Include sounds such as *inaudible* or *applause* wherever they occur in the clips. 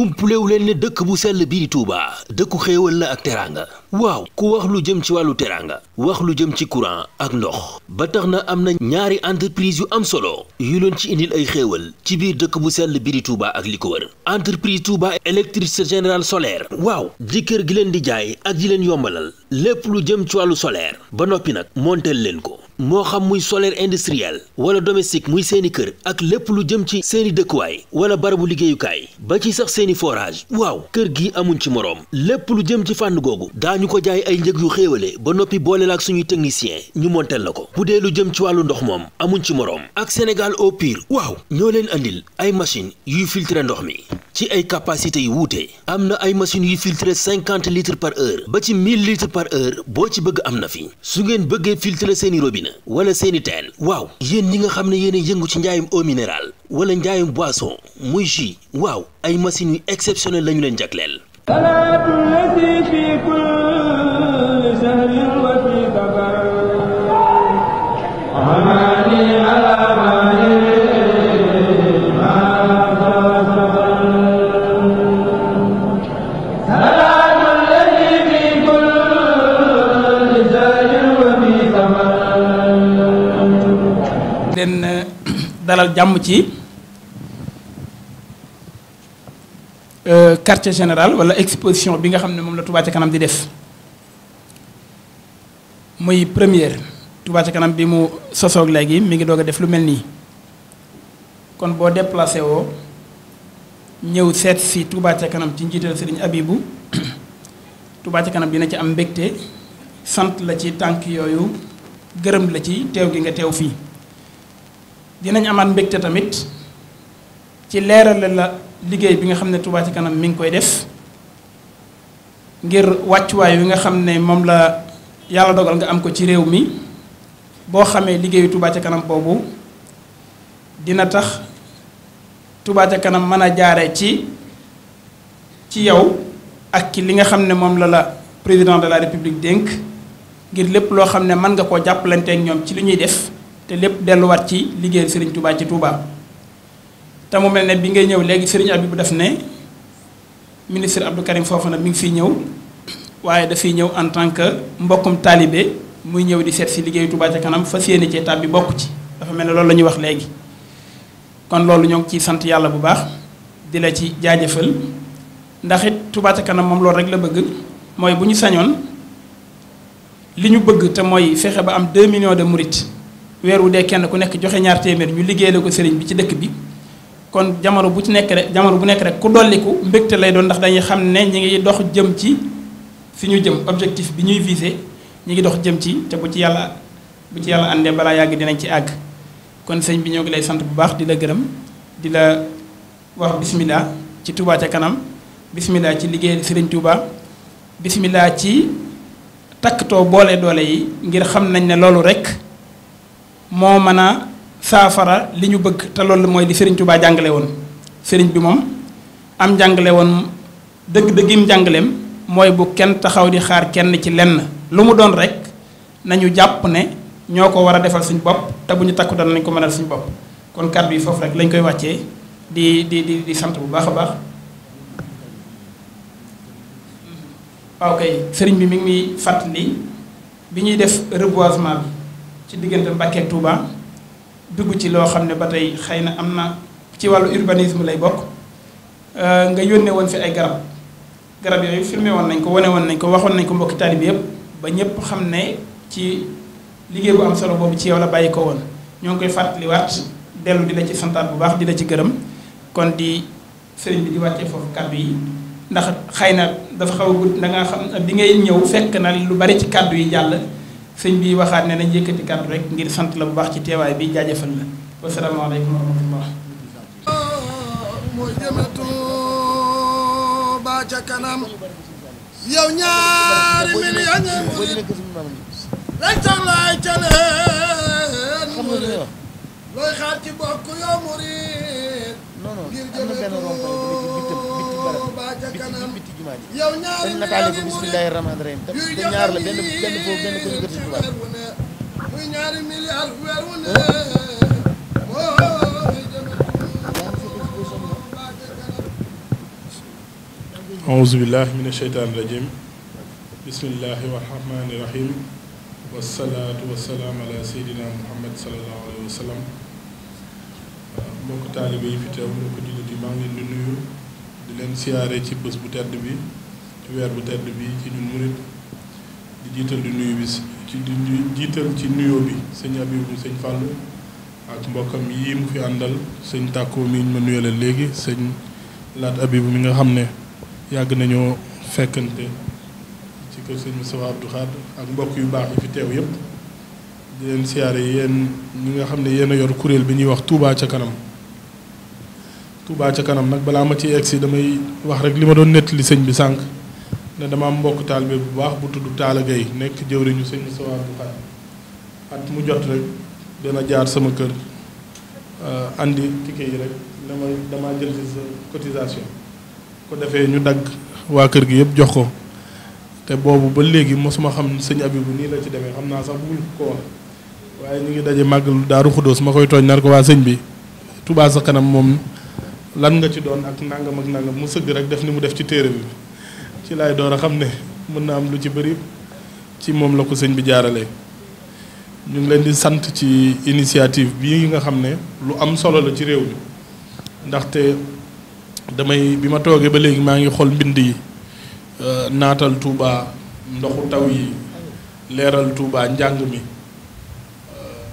umplewu leen ne dëkk bu sell bii di Touba dëkku xéewal la ak teraanga waaw ku wax lu jëm ci wàllu teraanga wax lu jëm ci courant ak ndox ba tax na am na ñaari entreprise yu am solo yu leen ci indil ay xéewal ci biir dëkk bu sell biri di ak li ko wër entreprise Touba électricité générale solaire waaw di kër gi leen di jaay ak ji leen yombalal lépp lu jëm ci wàllu solaire ba noppi nag monteel leen ko moo xam muy solaire industriel wala domestique muy seeni kër ak lépp lu jëm ci seeni dëkkuwaay wala barabu liggéeyukaay ba ci sax seeni forage waaw kër gi amuñ ci moroom lépp lu jëm ci fànn googu daañu ko jaay ay njëg yu xéewale ba noppi boole la ak suñuy technicien ñu monteel la ko bu dee lu jëm ci wàllu ndox moom amuñ ci moroom ak Sénégal au pire waaw ñoo leen indil ay machine yuy filtre ndox mi ci ay capacité yu wuute am na ay machines yuy filtre cinquante litres par ba ci mille litres par heure boo ci bëgg am na fi su ngeen bëggee filtre seeni robinet wala seeni teen waaw yéen ñi nga xam ne yéen a yëngu ci njaayum eau minérale wala njaayum boisson muy jus waaw ay machines yu exceptionnel la leen jagleel dalal jàmm ci euh, quartier général wala exposition bi nga xam ne moom la Touba ca kanam di def muy première Touba ca kanam bi mu sosoog léegi mi ngi doog def lu mel nii kon boo déplacé woo ñëw seet si Touba ca kanam ci njiital Serigne Abibou *coughs* Touba ca kanam bi dina ci am mbégte sant la ci tànk yooyu gërëm la ci teew gi nga teew fii dinañ amaat mbégte tamit ci leerale la liggéey bi nga xam ne Touba ci kanam mi ngi koy def ngir wàccuwaay wi nga xam ne moom la yàlla dogal nga am ko ci réew mi boo xamee liggéeyu Touba ca kanam boobu dina tax Touba ca kanam mën a jaare ci ci yow ak ci li nga xam ne moom la la président de la république dénk ngir lépp loo xam ne mën nga koo jàppalanteeg ñoom ci li ñuy def te lépp delluwaat ci liggéeyal Serigne Touba ci Touba te mu mel ne bi ngay ñëw léegi Serigne bu daf ne ministre Abdou Karim nag mi ngi fiy ñëw waaye dafiy ñëw en tant que mbokkum taalibe muy ñëw di seet si liggéeyu Touba ca kanam fa yéene ci bi bokk ci dafa mel ne loolu la ñuy wax léegi kon loolu ñoo ngi ciy sant yàlla bu baax di la ci jaajëfal ndax it Touba kanam moom loolu rek la bëgg mooy bu ñu sañoon li ñu bëgg te mooy fexe ba am 2 millions de murit weer wu dee kenn ku nekk joxe ñaar téeméer ñu liggéey liggéeyale ko sëriñ bi ci dëkk bi kon jamono bu ci nekk rek jamono bu nekk rek ku dolliku mbégte lay doon ndax dañuy xam ne ñi ngi dox jëm ci fi ñu jëm objectif bi ñuy visé ñi ngi dox jëm ci te bu ci yàlla bu ci yàlla àndee balaa yàgg dinañ ci àgg kon sëñ bi ñoo ngi lay sant bu baax di la gërëm di la wax bismillah ci Touba ca kanam bismillah ci liggéey sëriñ Touba bismillah ci takktoo boole doole yi ngir xam nañ ne loolu rek moo mën a saafara li ñu bëgg te loolu mooy di Serigne Touba jàngale woon Serigne bi moom am jàngale woon dëgg-dëggim jàngaleem mooy bu kenn taxaw di xaar kenn ci lenn lu mu doon rek nañu jàpp ne ñoo ko war a defal suñu bopp te bu ñu takku daan nañ ko mënal suñu bopp kon kàddu yi foofu rek lañ koy wàcce di di di di sant bu baax a baax. waaw sëriñ bi mi ngi fàttali bi ñuy def reboisement bi. ci diggante Mbàkke Touba dugg ci loo xam ne ba tey xëy na am na ci wàllu urbanisme lay bokk euh, nga yónnee woon fi ay garab garab yooyu filmé woon nañ ko wane woon nañ ko waxoon nañ ko mbokki taalibe yëpp ba ñëpp xam ne ci liggéey bu am solo boobu ci yow la bàyyi ko woon ñoo ngi koy fàttaliwaat dellu di la ci santaat bu baax di la ci gërëm kon di sëriñ bi di wàccee foofu kàddu yi ndax xëy na dafa xaw a gudd da xam bi ngay ñëw fekk na lu bari ci kàddu yi jàll. sëñ bi waxaat ne nañ yëkkati kàddu rek ngir sant la bu baax ci teewaay bi jaajëfal la wasalaamaaleykum wa rahmatullah mooy jëme Tuuba ca kanam yow ñaari million rek tax laay ca leen murit looy xaar ci bokk yow murit garab biti jumaa ji dañ nataale ko bismillahi rahmaani rahim te ñaar la benn benn foofu benn ko ñu gër si tubaab أعوذ بالله من الشيطان الرجيم بسم الله الرحمن الرحيم والصلاة والسلام على سيدنا محمد صلى الله عليه وسلم mbokk taalibe yi fi teew mbokk jullit yi maa ngi leen di nuyu di leen siyaare ci bés bu tedd bi ci weer bu tedd bi ci ñun murit di jiital di nuyu bi ci di jiital ci nuyoo bi sëñ Abibu sëñ Fàllu ak mbokkam yi mu fi àndal sëñ tàkkoo mi ñu ma nuyale léegi sëñ Laat Abibu mi nga xam ne yàgg nañoo fekkante ci kër sëñ Moustapha Abdou Khadre ak mbokk yu baax yi fi teew yépp di leen siyaare yéen ñi nga xam ne yéen a yor kuréel bi ñuy wax tuubaa ca kanam Touba ca kanam nag balaa ma ci egg si damay wax rek li ma doon nettali sëñ bi sànq ne dama am mbokk taalibe bu baax bu tudd Talla Gueye nekk jëwriñu sëñ Moustapha bu xaaj at mu jot rek dana jaar sama kër euh, andi ticket yi rek dama damaa jël ci cotisation ko defee ñu dagg waa kër gi yëpp jox ko te boobu ba léegi mosuma xam sëñ bu nii la ci demee xam naa sax bëggul ko wax waaye ñu ngi daje màggalu Daaru Xudóos ma koy tooñ nar ko waa sëñ bi Touba ca kanam moom lan nga ci doon ak nangam ak nangam mu sëgg rek def ni mu def ci téere bi ci lay door a xam ne mën na am lu ci bëri ci moom la ko sëñ bi jaarale ñu ngi leen di sant ci initiative bii nga xam ne lu am solo la ci réew mi ndaxte damay bi ma toogee ba léegi maa ngi xool mbind yi euh, naatal tuubaa ndoxu taw yi leeral tuubaa njàng mi euh,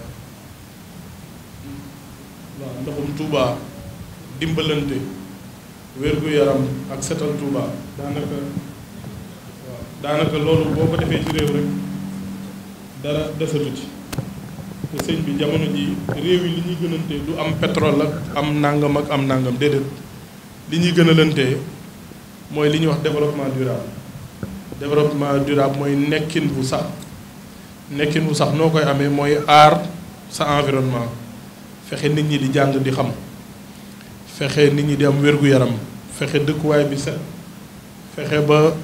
waaw ndoxum Touba dimbalante wér-gu-yaram ak setal Touba daanaka waaw daanaka loolu boo ko defee ci réew rek dara desatu ci te sëñ bi jamono ji réew yi li ñuy gënantee du am pétrole ak am nangam ak am nangam déedéet li ñuy gën a lantee mooy li ñuy wax développement durable développement durable mooy nekkin bu sax nekkin bu sax noo koy amee mooy aar sa environnement fexe nit ñi di jàng di xam fexe nit ñi di am wér-gu-yaram fexe dëkkuwaay bi set fexe ba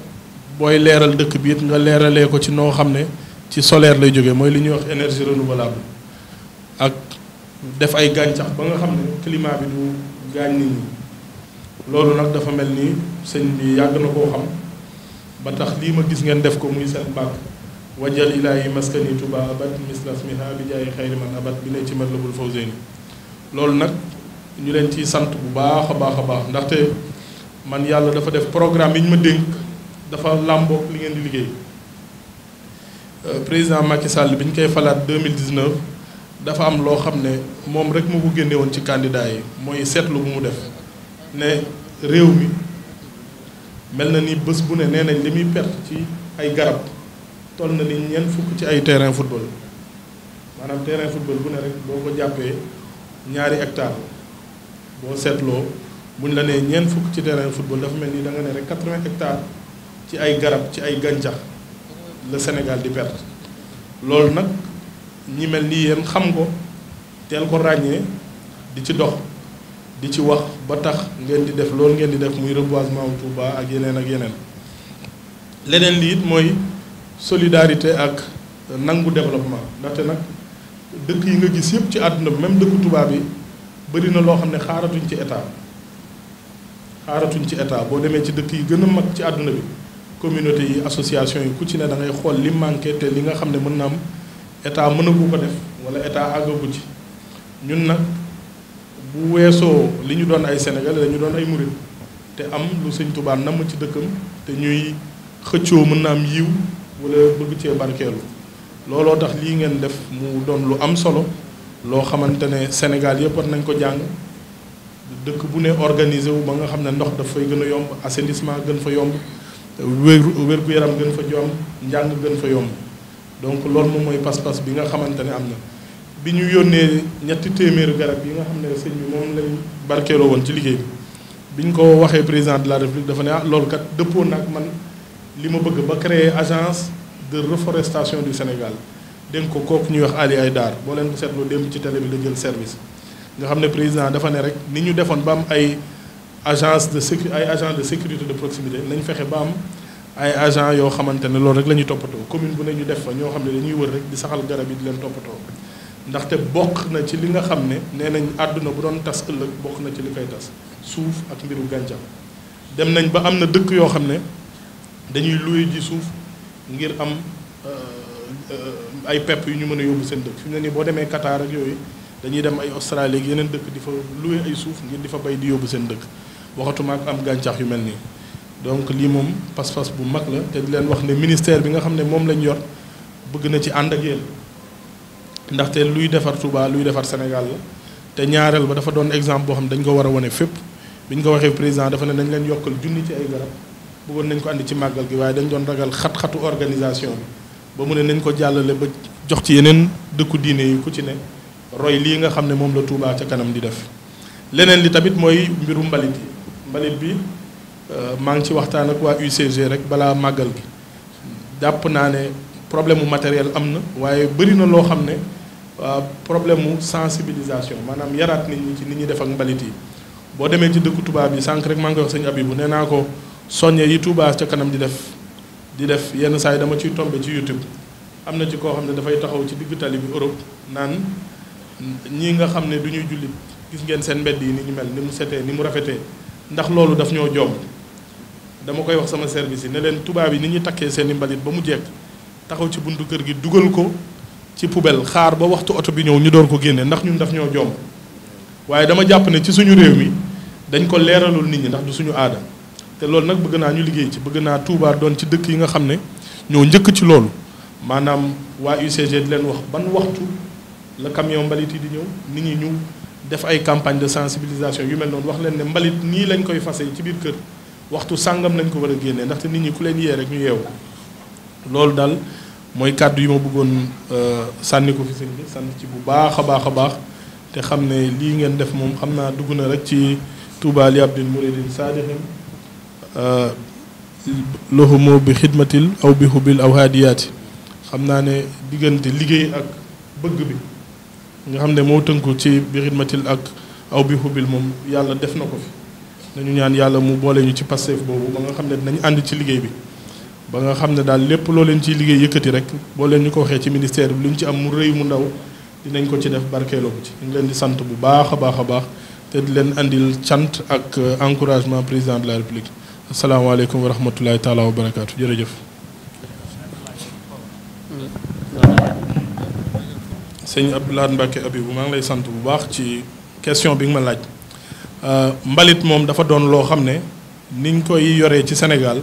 booy leeral dëkk bi it nga leeralee ko ci noo xam ne ci solaire lay jógee mooy li ñuy wax énergie renouvelable ak def ay gàncax ba nga xam ne climat bi du gaañ nit ñi loolu nag dafa mel ni sëñ bi yàgg na koo xam ba tax lii ma gis ngeen def ko muy seen bàkk wajal ilaahi maskani tuba abat mislasmiha bi jaayi xayri man abat bi ne ci matlabul fawzeyni loolu nag ñu leen ci sant bu baax a baax a baax ndaxte man yàlla dafa def programme yi ñu ma dénk dafa làmboog li ngeen di liggéey euh, président Macky Sall bi ñu koy falaat mille 2019 dafa am loo xam ne moom rek moo ko génne woon ci candidat yi mooy seetlu bu mu def ne réew mi mel na ni bés bu ne nee nañ li muy perte ci ay garab toll na ni ñeent fukk ci ay terrain football maanaam terrain football bu ne rek boo ko jàppee ñaari hectare boo seetloo buñ la nee ñeent fukk ci terrain football dafa mel ni danga ne rek quatre-vingts hectares ci ay garab ci ay gàncax la Sénégal di perte loolu nag ñi mel ni yéen xam ko teel ko ràññee di ci dox di ci wax ba tax ngeen di def loolu ngeen di def muy reboisement wu Touba ak yeneen ak yeneen leneen li it mooy solidarité ak nangu développement ndaxte nag dëkk yi nga gis yëpp ci àdduna bi même dëkku tubaab yi bëri na loo xam ne xaaratuñ ci état xaaratuñ ci état boo demee ci dëkk yi gën a mag ci àdduna bi communauté yi association yi ku ci ne da xool li manqué te li nga xam ne mën na am état mënagu ko def wala état àggagu ci ñun nag bu weesoo li ñu doon ay sénégalais dañu doon ay murit te am lu sëñ Tuubaa namm ci dëkkam te ñuy xëccoo mën naa am yiw wala bëgg cee barkeelu looloo tax lii ngeen def mu doon lu am solo loo xamante ne Sénégal yëpp war nañ ko jàng dëkk bu ne organisé wu ba nga xam ne ndox daf fay gën a yomb assainissement gën fa yomb wér wérgu yaram gën fa yomb njàng gën fa yomb donc loolu moom mooy pas-pas bi nga xamante ne am na bi ñu yónnee ñetti téeméeri garab yi nga xam ne sëñ bi moom lañ barkeeloo woon ci liggéey bi bi ñu ko waxee président de la république dafa ne ah loolu kat dëppoo nag man li ma bëgg ba créer agence de reforestation du Sénégal dénk ko kooku ñuy wax Ali daar boo leen ko seetloo démb ci télé bi la service nga xam ne président dafa ne rek ni ñu defoon ba am ay agence de sécu ay agent de sécurité de proximité nañ fexe ba am ay agent yoo xamante ne loolu rek la ñuy toppatoo commune bu ne ñu def fa ñoo xam ne dañuy wër rek di saxal garab yi di leen toppatoo te bokk na ci li nga xam ne nee nañ àdduna bu doon tas ëllëg bokk na ci li koy tas suuf ak mbiru gàncax dem nañ ba am na dëkk yoo xam ne dañuy luye ji suuf ngir am euh, Euh, ay pepp yu ñu mën a yóbbu seen dëkk fi mu ne nii boo demee Qatar ak yooyu dañuy dem ay Australie ak yeneen dëkk di fa loué ay suuf ngir di fa bay di yóbbu seen dëkk waxatuma ak am gàncax yu mel nii. donc lii moom pas-pas bu mag la te di leen wax ne ministère bi nga xam ne moom lañ yor bëgg na ci ànd ak yéen ndaxte luy defar Touba luy defar Sénégal la te ñaareel ba dafa doon exemple boo xam ne dañ ko war a wane fépp bi ñu ko waxee président dafa ne nañ leen yokkal junni ci ay garab bëggoon nañ ko andi ci màggal gi waaye dañ doon ragal xat organisation ba mu ne nañ ko jàllale ba jox ci yeneen dëkku diine yi ku ci ne roy lii nga xam ne moom la Touba ca kanam di def leneen li tamit mooy mbiru mbalit yi mbalit bi euh, maa ngi ci waxtaan ak waa UCG rek balaa màggal bi jàpp naa ne problème mu matériel am na waaye bëri na loo xam ne problème mu sensibilisation maanaam yaraat nit ñi ci nit ñi def ak mbalit yi boo demee ci dëkku tubaab bi sànq rek maa ngi koy wax sëñ Abibu nee naa ko soññe yi tuubaa ca kanam di def di def yenn saa yi dama ciy tombe ci YouTube am na ci koo xam ne dafay taxaw ci digg tali bi Europe naan ñii nga xam ne du ñuy jullit gis ngeen seen mbedd yi ni ñu mel ni mu setee ni mu rafetee ndax loolu daf ñoo jomb dama koy wax sama service yi ne leen tubaab yi ni ñuy takkee seen i mbalit ba mu jekk taxaw ci buntu kër gi dugal ko ci poubelle xaar ba waxtu oto bi ñëw ñu doon ko génne ndax ñun daf ñoo jomb waaye dama jàpp ne ci suñu réew mi dañ ko leeralul nit ñi ndax du suñu aada te loolu nag bëgg naa ñu liggéey ci bëgg naa Touba doon ci dëkk yi nga xam ne ñoo njëkk ci loolu maanaam waa UCG di leen wax ban waxtu la camion mbalit yi di ñëw nit ñi ñu def ay campagne de sensibilisation yu mel noonu wax leen ne mbalit nii lañ koy fase ci biir kër waxtu sàngam lañ ko war a génnee ndaxte nit ñi ku leen yee rek ñu yeewu loolu daal mooy kàddu yi ma bëggoon euh, sànni ko fi bi sant ci bu baax a baax a baax te xam ne lii ngeen def moom xam naa dugg na rek ci Touba li abdin mouridin saadihin Euh, moo bi xidmatil aw bi xubil aw haadiyaati xam naa ne diggante liggéey ak bëgg bi nga xam ne moo tënku ci bi xidmatil ak aw bi xubil moom yàlla def na ko fi nañu ñaan yàlla mu boole ñu ci passeef boobu ba nga xam ne dinañ ànd ci liggéey bi ba nga xam ne daal lépp loo leen ciy liggéey yëkkati rek boo leen ñu ko waxee ci ministère bi lu ñu ci am mu rëy mu ndaw dinañ ko ci def barkeeloo ko ci ñu ngi leen di sant bu baax a baax a baax te di leen indil cant ak euh, encouragement président de la république asalaamaaleykum wa rahmatulahi taala wa barakaatu jërëjëf. sëñ Abdoulaye Mbacke Abibou maa ngi lay sant bu baax ci question bi nga ma laaj euh, mbalit moom dafa doon loo xam ne niñ koy yoree ci Sénégal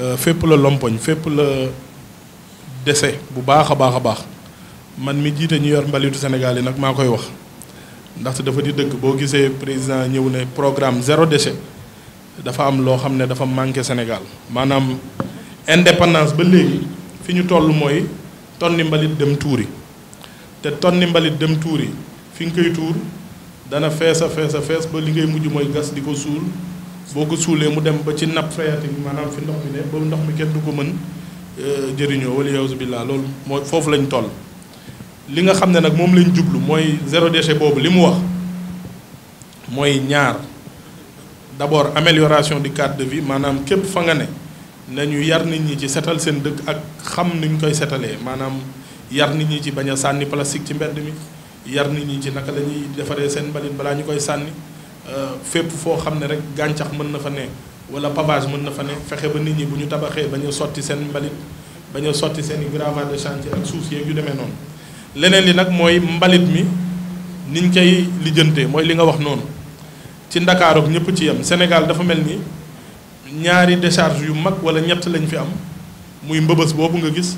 euh, fépp la lompoñ fépp la dese bu baax a baax a baax man mi jiite ñu yor mbalitu Sénégal yi nag maa koy wax ndaxte dafa di dëkk boo gisee président ñëw ne programme zéro déchet. dafa am loo xam ne dafa manqué Sénégal maanaam indépendance ba léegi fi ñu toll mooy tonni mbalit dem tuuri te tonni mbalit dem tuuri fi nga koy tuur dana fees a fees a fees ba li ngay mujj mooy gas di ko suul boo ko suulee mu dem ba ci nappe phréatique bi maanaam fi ndox mi ne ba ndox mi kenn du ko mën euh, jëriñoo wala yawzu billah loolu mooy foofu lañ toll li nga xam ne nag moom lañ jublu mooy géro zéro déchet boobu li mu wax mooy ñaar d'abord amélioration du cadre de vie maanaam képp fa nga ne nañu yar nit ñi ci seetal seen dëkk ak xam nuñ koy seetalee maanaam yar nit ñi ci bañ a sànni plastique ci mbedd mi yar nit ñi ci naka la ñuy defaree seen mbalit balaa ñu koy sànni euh, fépp foo xam ne rek gàncax mën na fa ne wala pavage mën na fa ne fexe ba nit ñi bu ñu tabaxee bañ a sotti seen mbalit bañ sotti seen i gravats de chantier ak suuf yeeg yu demee noonu leneen li nag mooy mbalit mi niñ koy lijjantee mooy li nga wax noonu ci ndakaarook ñëpp ci yem Sénégal dafa mel ni ñaari décharge yu mag wala ñett lañ fi am muy mbëbës boobu nga gis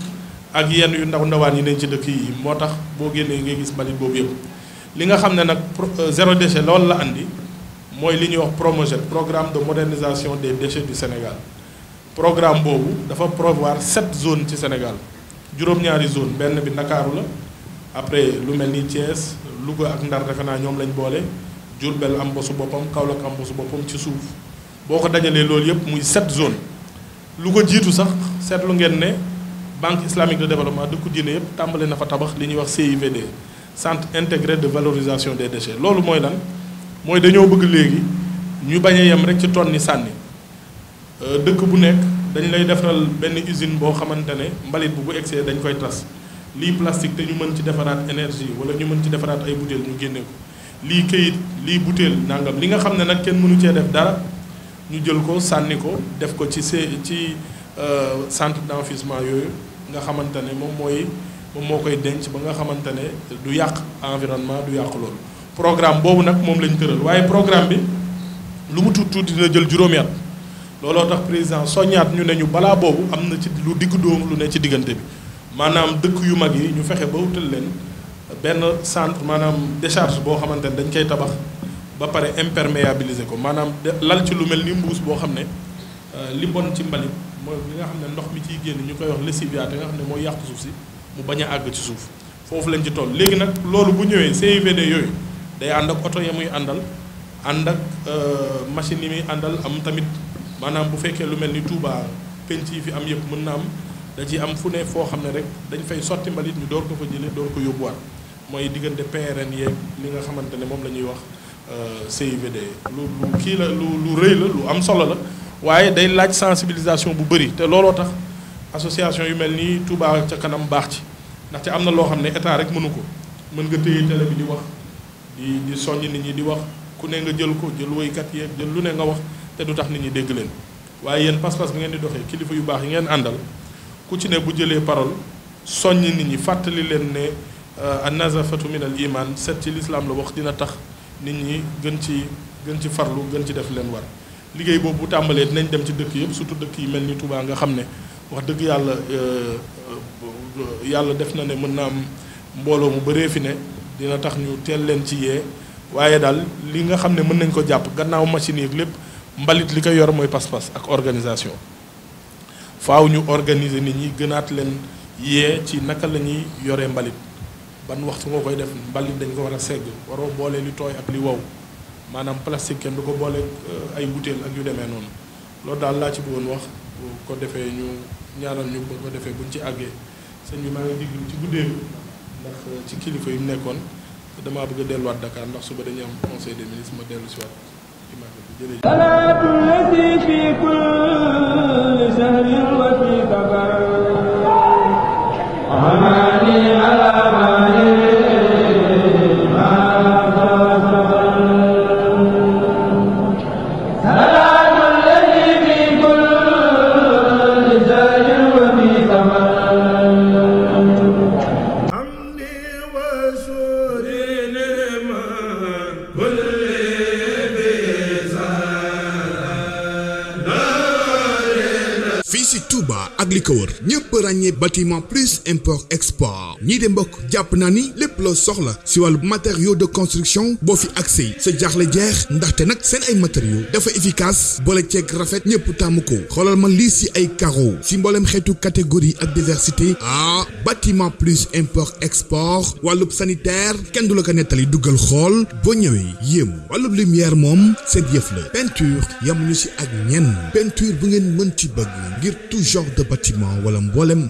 ak yenn yu ndaw ndawaan yi nañ ci dëkk yi moo tax boo génnee ngay gis mbalit boobu yëpp li nga xam ne nag euh, zéro déchet loolu la andi mooy li ñuy wax PROMOGET programme de modernisation des déchets du Sénégal programme boobu dafa prévoir sept zones ci Sénégal juróom-ñaari zone mbenn bi Ndakaaru la après lu mel ni Thiès Louga ak Ndar defe naa ñoom lañ Diourbel am bosu boppam Kaolack am bosu boppam ci suuf boo ko dajalee loolu yëpp muy sept zone lu ko jiitu sax seetlu ngeen ne banque islamique de développement dëkku diine yëpp tàmbale na fa tabax li ñu wax CIVD centre intégré de valorisation des déchets loolu mooy lan mooy dañoo bëgg léegi ñu bañ a yem rek ci tonni sànni euh, dëkk bu nekk dañu lay defaral benn usine boo xamante ne mbalit bu bu egsee dañ koy tas lii plastique te ñu mën ci defaraat énergie wala ñu mën ci defaraat ay butéel ñu génne ko lii këyit lii butéel nangam li nga xam ne nag kenn mënu cee def dara ñu jël ko sànni ko def ko ci see ci euh, centre d'enfouissement yooyu nga xamante ne moom mooy moom moo koy denc ba nga xamante ne du yàq environnement du yàq loolu. programme boobu nag moom lañ tëral waaye programme bi lu mu tuuti dina jël juróomi at looloo tax président soññaat ñu ne ñu balaa boobu am na ci lu digg dóomu lu ne ci diggante bi maanaam dëkk yu mag yi ñu fexe ba wutal leen. benn centre maanaam décharge boo xamante ne dañ koy tabax ba pare imperméabiliser ko maanaam lal ci lu mel ni mbuus boo xam ne euh, li bon ci mbalit mooy li nga xam ne ndox mi ciy génn ñu koy wax lessiviate nga xam ne mooy yàq suuf si mu bañ a àgg ci suuf foofu lañ ci toll léegi nag loolu bu ñëwee CIVD yooyu day ànd ak oto ya muy àndal ànd ak euh, machine yi muy àndal am tamit maanaam bu fekkee lu mel ni tuubaa penc yi fi am yëpp mën na am da ci am fu ne foo xam ne rek dañ fay sotti mbalit ñu door ko fa jëlee door ko yóbbuwaat mooy diggante PRN yeeg li nga xamante ne moom la ñuy wax euh, CIVD lu lu kii la lu lu rëy la lu am solo la waaye day laaj sensibilisation bu bëri te looloo tax association yu mel nii tubaa ca kanam baax ci ndaxte am na loo xam ne état rek mënu ko mën nga téye télé bi di wax di di soññ nit ñi di wax ku ne nga jël ko jël woykat yeeg jël lu ne nga wax te du tax nit ñi dégg leen waaye yéen pas-pas bi ngeen di doxee kilifa yu baax yi ngeen àndal ku ci ne bu jëlee parole soññ nit ñi fàttali leen ne. Euh, annazafatu min al iman set ci lislaam la wax dina tax nit ñi gën ci gën ci farlu gën ci def leen war liggéey boobu tàmbalee dinañ dem ci dëkk yëpp surtout dëkk yi mel ni Touba nga xam ne wax dëgg yàlla euh, euh, yàlla def na ne mën naa am mbooloo mu bëree fi ne dina tax ñu teel leen ci yee waaye daal li nga xam ne mën nañ ko jàpp gannaaw machine yi lépp mbalit li ko yor mooy pas-pas ak organisation faaw ñu organiser nit ñi gënaat leen yee ci naka la ñuy yoree mbalit ban wax su nga koy def mbalit dañ ko war a segg waroo boole li tooy ak li wow maanaam plastique kenn du ko boole euh, ay butéel ak yu demee noonu loolu daal laa ci bëggoon wax bu ko defee ñu ñaanal ñu bu ko defee buñ ci àggee sëñ bi maa ngi diglu ci guddee ndax euh, ci kilifa yu nekkoon damaa bëgg delluwaat Dakar ndax suba dañuy am conseil des ministres ma dellu si waat image bi jërëjëf. ko wër dernier bâtiment plus import export ñii de mbokk jàpp naa ni lépp loo soxla si wàllu matériaux de construction boo fi accès yi sa jaaxle jeex ndaxte nag seen ay matériaux dafa efficace boole ceeg rafet ñëpp tàmm ko xoolal ma lii si ay carreaux si mboolem xeetu catégorie ak diversité ah batiment plus import export wàllub sanitaire kenn du la ko nettali duggal xool boo ñëwee yéemu wàllub lumière moom seen yëf la peinture yamuñu si ak ñenn peinture bu ngeen mën ci bëgg ngir